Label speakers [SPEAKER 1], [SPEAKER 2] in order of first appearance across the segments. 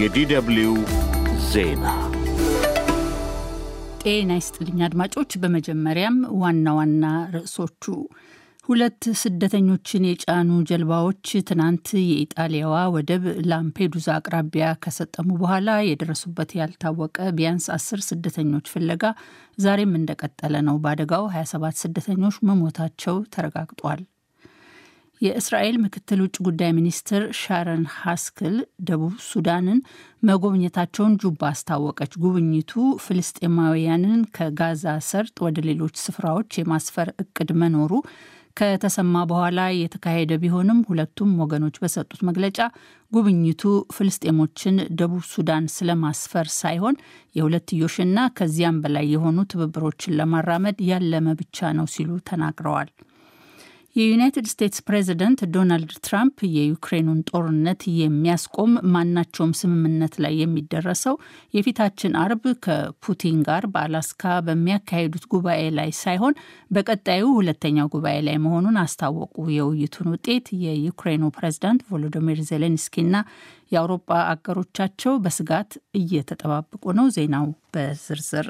[SPEAKER 1] የዲደብልዩ ዜና ጤና ይስጥልኝ አድማጮች። በመጀመሪያም ዋና ዋና ርዕሶቹ ሁለት ስደተኞችን የጫኑ ጀልባዎች ትናንት የኢጣሊያዋ ወደብ ላምፔዱዛ አቅራቢያ ከሰጠሙ በኋላ የደረሱበት ያልታወቀ ቢያንስ አስር ስደተኞች ፍለጋ ዛሬም እንደቀጠለ ነው። በአደጋው 27 ስደተኞች መሞታቸው ተረጋግጧል። የእስራኤል ምክትል ውጭ ጉዳይ ሚኒስትር ሻረን ሀስክል ደቡብ ሱዳንን መጎብኘታቸውን ጁባ አስታወቀች። ጉብኝቱ ፍልስጤማውያንን ከጋዛ ሰርጥ ወደ ሌሎች ስፍራዎች የማስፈር እቅድ መኖሩ ከተሰማ በኋላ የተካሄደ ቢሆንም ሁለቱም ወገኖች በሰጡት መግለጫ ጉብኝቱ ፍልስጤሞችን ደቡብ ሱዳን ስለማስፈር ሳይሆን የሁለትዮሽና ከዚያም በላይ የሆኑ ትብብሮችን ለማራመድ ያለመ ብቻ ነው ሲሉ ተናግረዋል። የዩናይትድ ስቴትስ ፕሬዝደንት ዶናልድ ትራምፕ የዩክሬኑን ጦርነት የሚያስቆም ማናቸውም ስምምነት ላይ የሚደረሰው የፊታችን አርብ ከፑቲን ጋር በአላስካ በሚያካሂዱት ጉባኤ ላይ ሳይሆን በቀጣዩ ሁለተኛው ጉባኤ ላይ መሆኑን አስታወቁ። የውይይቱን ውጤት የዩክሬኑ ፕሬዝዳንት ቮሎዲሚር ዜሌንስኪና የአውሮፓ አገሮቻቸው በስጋት እየተጠባበቁ ነው። ዜናው በዝርዝር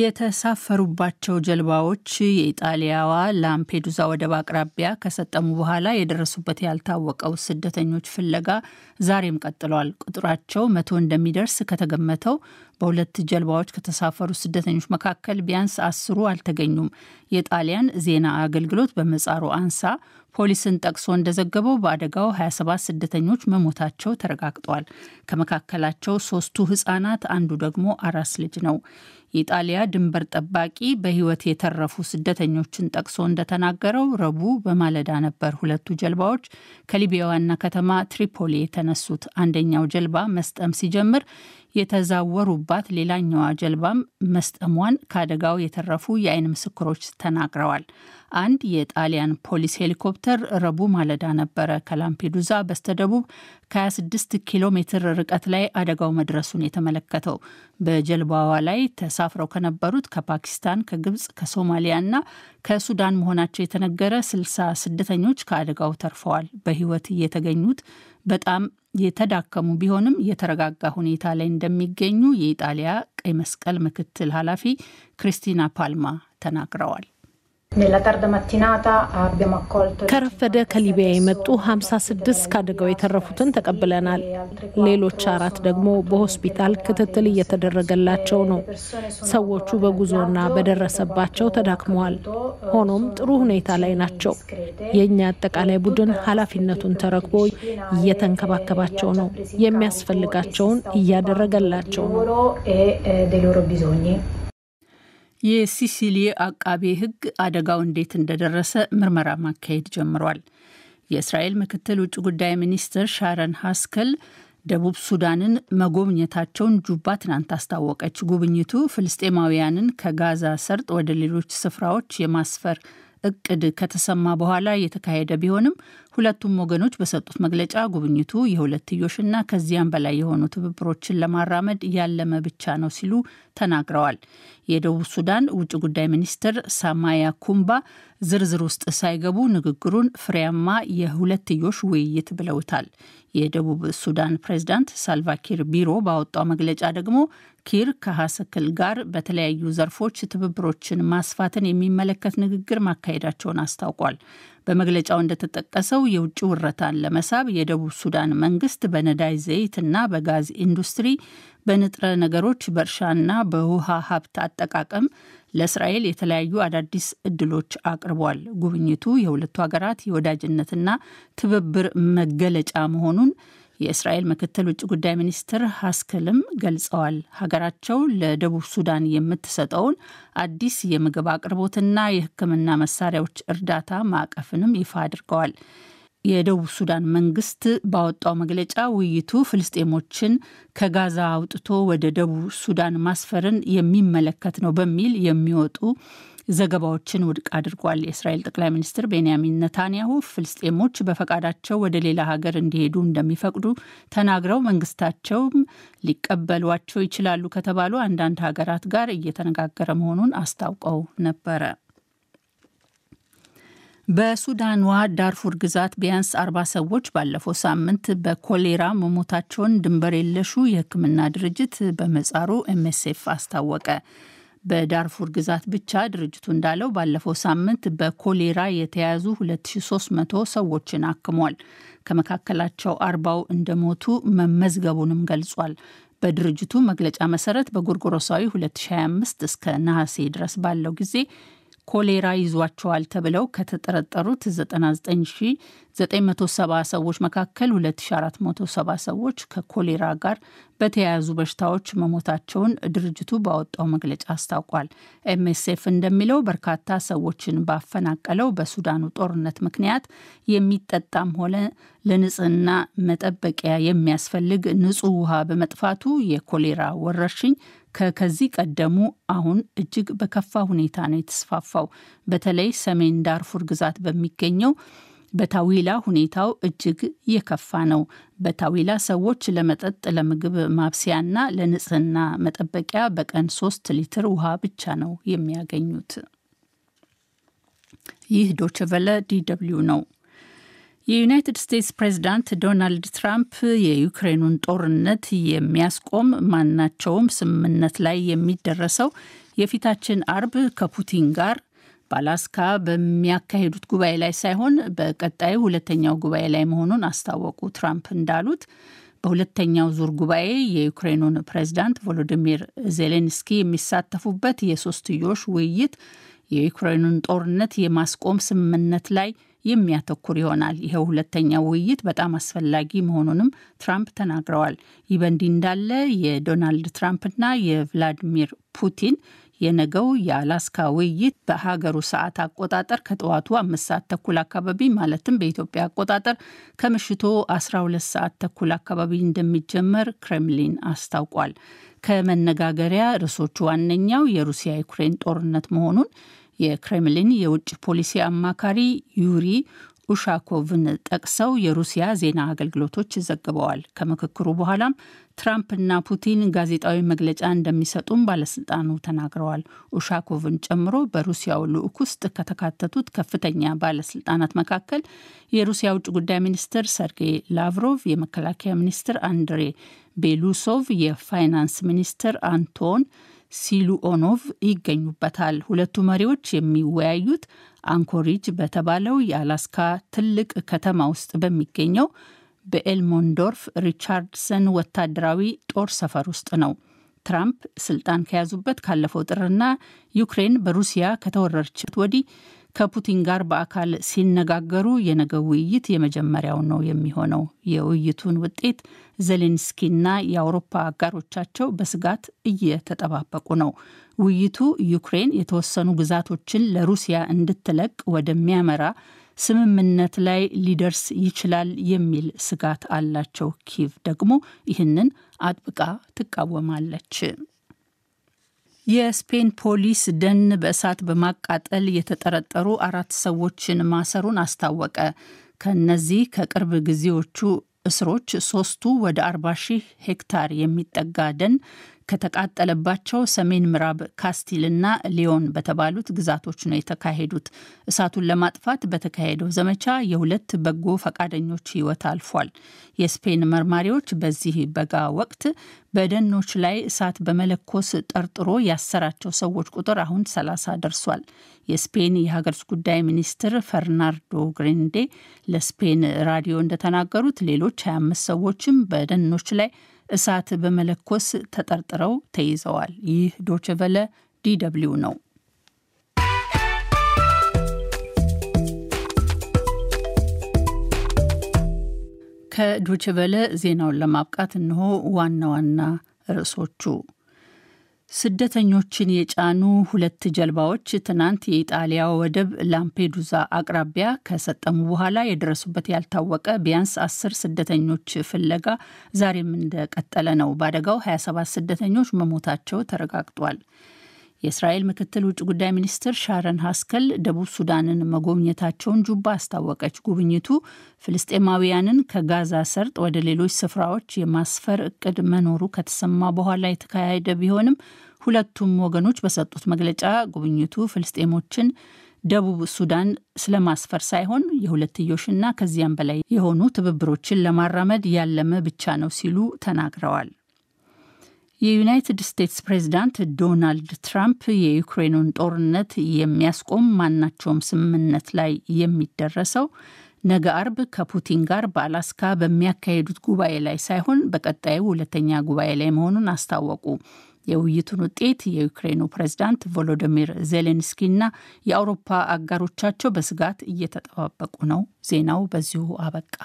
[SPEAKER 1] የተሳፈሩባቸው ጀልባዎች የኢጣሊያዋ ላምፔዱዛ ወደብ አቅራቢያ ከሰጠሙ በኋላ የደረሱበት ያልታወቀው ስደተኞች ፍለጋ ዛሬም ቀጥሏል። ቁጥራቸው መቶ እንደሚደርስ ከተገመተው በሁለት ጀልባዎች ከተሳፈሩ ስደተኞች መካከል ቢያንስ አስሩ አልተገኙም። የጣሊያን ዜና አገልግሎት በመጻሩ አንሳ ፖሊስን ጠቅሶ እንደዘገበው በአደጋው 27 ስደተኞች መሞታቸው ተረጋግጧል። ከመካከላቸው ሶስቱ ህጻናት፣ አንዱ ደግሞ አራስ ልጅ ነው። የኢጣሊያ ድንበር ጠባቂ በህይወት የተረፉ ስደተኞችን ጠቅሶ እንደተናገረው ረቡዕ በማለዳ ነበር ሁለቱ ጀልባዎች ከሊቢያ ዋና ከተማ ትሪፖሊ የተነሱት። አንደኛው ጀልባ መስጠም ሲጀምር የተዛወሩባት ሌላኛዋ ጀልባም መስጠሟን ከአደጋው የተረፉ የአይን ምስክሮች ተናግረዋል። አንድ የጣሊያን ፖሊስ ሄሊኮፕተር ረቡዕ ማለዳ ነበረ ከላምፔዱዛ በስተደቡብ ከ26 ኪሎ ሜትር ርቀት ላይ አደጋው መድረሱን የተመለከተው። በጀልባዋ ላይ ተሳፍረው ከነበሩት ከፓኪስታን፣ ከግብጽ፣ ከሶማሊያ ከሱዳን መሆናቸው የተነገረ ስልሳ ስደተኞች ከአደጋው ተርፈዋል። በህይወት የተገኙት በጣም የተዳከሙ ቢሆንም የተረጋጋ ሁኔታ ላይ እንደሚገኙ የኢጣሊያ ቀይ መስቀል ምክትል ኃላፊ ክሪስቲና ፓልማ ተናግረዋል። ከረፈደ ከሊቢያ የመጡ 56 ከአደጋው የተረፉትን ተቀብለናል። ሌሎች አራት ደግሞ በሆስፒታል ክትትል እየተደረገላቸው ነው። ሰዎቹ በጉዞና በደረሰባቸው ተዳክመዋል። ሆኖም ጥሩ ሁኔታ ላይ ናቸው። የእኛ አጠቃላይ ቡድን ኃላፊነቱን ተረክቦ እየተንከባከባቸው ነው። የሚያስፈልጋቸውን እያደረገላቸው ነው። የሲሲሊ አቃቤ ሕግ አደጋው እንዴት እንደደረሰ ምርመራ ማካሄድ ጀምሯል። የእስራኤል ምክትል ውጭ ጉዳይ ሚኒስትር ሻረን ሀስከል ደቡብ ሱዳንን መጎብኘታቸውን ጁባ ትናንት አስታወቀች። ጉብኝቱ ፍልስጤማውያንን ከጋዛ ሰርጥ ወደ ሌሎች ስፍራዎች የማስፈር እቅድ ከተሰማ በኋላ የተካሄደ ቢሆንም ሁለቱም ወገኖች በሰጡት መግለጫ ጉብኝቱ የሁለትዮሽና ከዚያም በላይ የሆኑ ትብብሮችን ለማራመድ ያለመ ብቻ ነው ሲሉ ተናግረዋል። የደቡብ ሱዳን ውጭ ጉዳይ ሚኒስትር ሳማያ ኩምባ ዝርዝር ውስጥ ሳይገቡ ንግግሩን ፍሬያማ የሁለትዮሽ ውይይት ብለውታል። የደቡብ ሱዳን ፕሬዝዳንት ሳልቫኪር ቢሮ ባወጣው መግለጫ ደግሞ ኪር ከሀሰክል ጋር በተለያዩ ዘርፎች ትብብሮችን ማስፋትን የሚመለከት ንግግር ማካሄዳቸውን አስታውቋል። በመግለጫው እንደተጠቀሰው የውጭ ውረታን ለመሳብ የደቡብ ሱዳን መንግስት በነዳጅ እና በጋዝ ኢንዱስትሪ፣ በንጥረ ነገሮች፣ በእርሻና በውሃ ሀብት አጠቃቀም ለእስራኤል የተለያዩ አዳዲስ እድሎች አቅርቧል። ጉብኝቱ የሁለቱ ሀገራት የወዳጅነትና ትብብር መገለጫ መሆኑን የእስራኤል ምክትል ውጭ ጉዳይ ሚኒስትር ሀስክልም ገልጸዋል። ሀገራቸው ለደቡብ ሱዳን የምትሰጠውን አዲስ የምግብ አቅርቦትና የሕክምና መሳሪያዎች እርዳታ ማዕቀፍንም ይፋ አድርገዋል። የደቡብ ሱዳን መንግስት ባወጣው መግለጫ ውይይቱ ፍልስጤሞችን ከጋዛ አውጥቶ ወደ ደቡብ ሱዳን ማስፈርን የሚመለከት ነው በሚል የሚወጡ ዘገባዎችን ውድቅ አድርጓል። የእስራኤል ጠቅላይ ሚኒስትር ቤንያሚን ነታንያሁ ፍልስጤሞች በፈቃዳቸው ወደ ሌላ ሀገር እንዲሄዱ እንደሚፈቅዱ ተናግረው መንግስታቸውም ሊቀበሏቸው ይችላሉ ከተባሉ አንዳንድ ሀገራት ጋር እየተነጋገረ መሆኑን አስታውቀው ነበረ። በሱዳኗ ዳርፉር ግዛት ቢያንስ አርባ ሰዎች ባለፈው ሳምንት በኮሌራ መሞታቸውን ድንበር የለሹ የሕክምና ድርጅት በመጻሩ ኤምኤስኤፍ አስታወቀ። በዳርፉር ግዛት ብቻ ድርጅቱ እንዳለው ባለፈው ሳምንት በኮሌራ የተያዙ 2300 ሰዎችን አክሟል። ከመካከላቸው አርባው እንደሞቱ መመዝገቡንም ገልጿል። በድርጅቱ መግለጫ መሰረት በጎርጎሮሳዊ 2025 እስከ ነሐሴ ድረስ ባለው ጊዜ ኮሌራ ይዟቸዋል ተብለው ከተጠረጠሩት 99970 ሰዎች መካከል 2470 ሰዎች ከኮሌራ ጋር በተያያዙ በሽታዎች መሞታቸውን ድርጅቱ ባወጣው መግለጫ አስታውቋል። ኤምኤስኤፍ እንደሚለው በርካታ ሰዎችን ባፈናቀለው በሱዳኑ ጦርነት ምክንያት የሚጠጣም ሆነ ለንጽህና መጠበቂያ የሚያስፈልግ ንጹህ ውሃ በመጥፋቱ የኮሌራ ወረርሽኝ ከከዚህ ቀደሙ አሁን እጅግ በከፋ ሁኔታ ነው የተስፋፋው። በተለይ ሰሜን ዳርፉር ግዛት በሚገኘው በታዊላ ሁኔታው እጅግ የከፋ ነው። በታዊላ ሰዎች ለመጠጥ፣ ለምግብ ማብሰያና ለንጽህና መጠበቂያ በቀን ሶስት ሊትር ውሃ ብቻ ነው የሚያገኙት። ይህ ዶችቨለ ዲ ደብልዩ ነው። የዩናይትድ ስቴትስ ፕሬዝዳንት ዶናልድ ትራምፕ የዩክሬኑን ጦርነት የሚያስቆም ማናቸውም ስምምነት ላይ የሚደረሰው የፊታችን አርብ ከፑቲን ጋር በአላስካ በሚያካሂዱት ጉባኤ ላይ ሳይሆን በቀጣዩ ሁለተኛው ጉባኤ ላይ መሆኑን አስታወቁ። ትራምፕ እንዳሉት በሁለተኛው ዙር ጉባኤ የዩክሬኑን ፕሬዝዳንት ቮሎዲሚር ዜሌንስኪ የሚሳተፉበት የሶስትዮሽ ውይይት የዩክሬኑን ጦርነት የማስቆም ስምምነት ላይ የሚያተኩር ይሆናል። ይኸው ሁለተኛው ውይይት በጣም አስፈላጊ መሆኑንም ትራምፕ ተናግረዋል። ይህ በእንዲህ እንዳለ የዶናልድ ትራምፕና የቭላዲሚር ፑቲን የነገው የአላስካ ውይይት በሀገሩ ሰዓት አቆጣጠር ከጠዋቱ አምስት ሰዓት ተኩል አካባቢ ማለትም በኢትዮጵያ አቆጣጠር ከምሽቱ 12 ሰዓት ተኩል አካባቢ እንደሚጀመር ክሬምሊን አስታውቋል። ከመነጋገሪያ ርዕሶቹ ዋነኛው የሩሲያ ዩክሬን ጦርነት መሆኑን የክሬምሊን የውጭ ፖሊሲ አማካሪ ዩሪ ኡሻኮቭን ጠቅሰው የሩሲያ ዜና አገልግሎቶች ዘግበዋል። ከምክክሩ በኋላም ትራምፕና ፑቲን ጋዜጣዊ መግለጫ እንደሚሰጡም ባለስልጣኑ ተናግረዋል። ኡሻኮቭን ጨምሮ በሩሲያው ልዑክ ውስጥ ከተካተቱት ከፍተኛ ባለስልጣናት መካከል የሩሲያ ውጭ ጉዳይ ሚኒስትር ሰርጌይ ላቭሮቭ፣ የመከላከያ ሚኒስትር አንድሬ ቤሉሶቭ፣ የፋይናንስ ሚኒስትር አንቶን ሲሉኦኖቭ ይገኙበታል። ሁለቱ መሪዎች የሚወያዩት አንኮሪጅ በተባለው የአላስካ ትልቅ ከተማ ውስጥ በሚገኘው በኤልሞንዶርፍ ሪቻርድሰን ወታደራዊ ጦር ሰፈር ውስጥ ነው። ትራምፕ ስልጣን ከያዙበት ካለፈው ጥርና ዩክሬን በሩሲያ ከተወረረችበት ወዲህ ከፑቲን ጋር በአካል ሲነጋገሩ የነገ ውይይት የመጀመሪያው ነው የሚሆነው። የውይይቱን ውጤት ዜሌንስኪና የአውሮፓ አጋሮቻቸው በስጋት እየተጠባበቁ ነው። ውይይቱ ዩክሬን የተወሰኑ ግዛቶችን ለሩሲያ እንድትለቅ ወደሚያመራ ስምምነት ላይ ሊደርስ ይችላል የሚል ስጋት አላቸው። ኪቭ ደግሞ ይህንን አጥብቃ ትቃወማለች። የስፔን ፖሊስ ደን በእሳት በማቃጠል የተጠረጠሩ አራት ሰዎችን ማሰሩን አስታወቀ። ከነዚህ ከቅርብ ጊዜዎቹ እስሮች ሶስቱ ወደ 40 ሺህ ሄክታር የሚጠጋ ደን ከተቃጠለባቸው ሰሜን ምዕራብ ካስቲልና ሊዮን በተባሉት ግዛቶች ነው የተካሄዱት። እሳቱን ለማጥፋት በተካሄደው ዘመቻ የሁለት በጎ ፈቃደኞች ሕይወት አልፏል። የስፔን መርማሪዎች በዚህ በጋ ወቅት በደኖች ላይ እሳት በመለኮስ ጠርጥሮ ያሰራቸው ሰዎች ቁጥር አሁን 30 ደርሷል። የስፔን የሀገር ውስጥ ጉዳይ ሚኒስትር ፈርናንዶ ግሬንዴ ለስፔን ራዲዮ እንደተናገሩት ሌሎች 25 ሰዎችም በደኖች ላይ እሳት በመለኮስ ተጠርጥረው ተይዘዋል። ይህ ዶችቨለ ዲደብሊው ነው። ከዶችቨለ ዜናውን ለማብቃት እንሆ ዋና ዋና ርዕሶቹ ስደተኞችን የጫኑ ሁለት ጀልባዎች ትናንት የኢጣሊያ ወደብ ላምፔዱዛ አቅራቢያ ከሰጠሙ በኋላ የደረሱበት ያልታወቀ ቢያንስ አስር ስደተኞች ፍለጋ ዛሬም እንደቀጠለ ነው። በአደጋው 27 ስደተኞች መሞታቸው ተረጋግጧል። የእስራኤል ምክትል ውጭ ጉዳይ ሚኒስትር ሻረን ሀስከል ደቡብ ሱዳንን መጎብኘታቸውን ጁባ አስታወቀች። ጉብኝቱ ፍልስጤማውያንን ከጋዛ ሰርጥ ወደ ሌሎች ስፍራዎች የማስፈር እቅድ መኖሩ ከተሰማ በኋላ የተካሄደ ቢሆንም ሁለቱም ወገኖች በሰጡት መግለጫ ጉብኝቱ ፍልስጤሞችን ደቡብ ሱዳን ስለማስፈር ሳይሆን የሁለትዮሽና ከዚያም በላይ የሆኑ ትብብሮችን ለማራመድ ያለመ ብቻ ነው ሲሉ ተናግረዋል። የዩናይትድ ስቴትስ ፕሬዝዳንት ዶናልድ ትራምፕ የዩክሬኑን ጦርነት የሚያስቆም ማናቸውም ስምምነት ላይ የሚደረሰው ነገ አርብ ከፑቲን ጋር በአላስካ በሚያካሄዱት ጉባኤ ላይ ሳይሆን በቀጣዩ ሁለተኛ ጉባኤ ላይ መሆኑን አስታወቁ። የውይይቱን ውጤት የዩክሬኑ ፕሬዝዳንት ቮሎዲሚር እና የአውሮፓ አጋሮቻቸው በስጋት እየተጠባበቁ ነው። ዜናው በዚሁ አበቃ።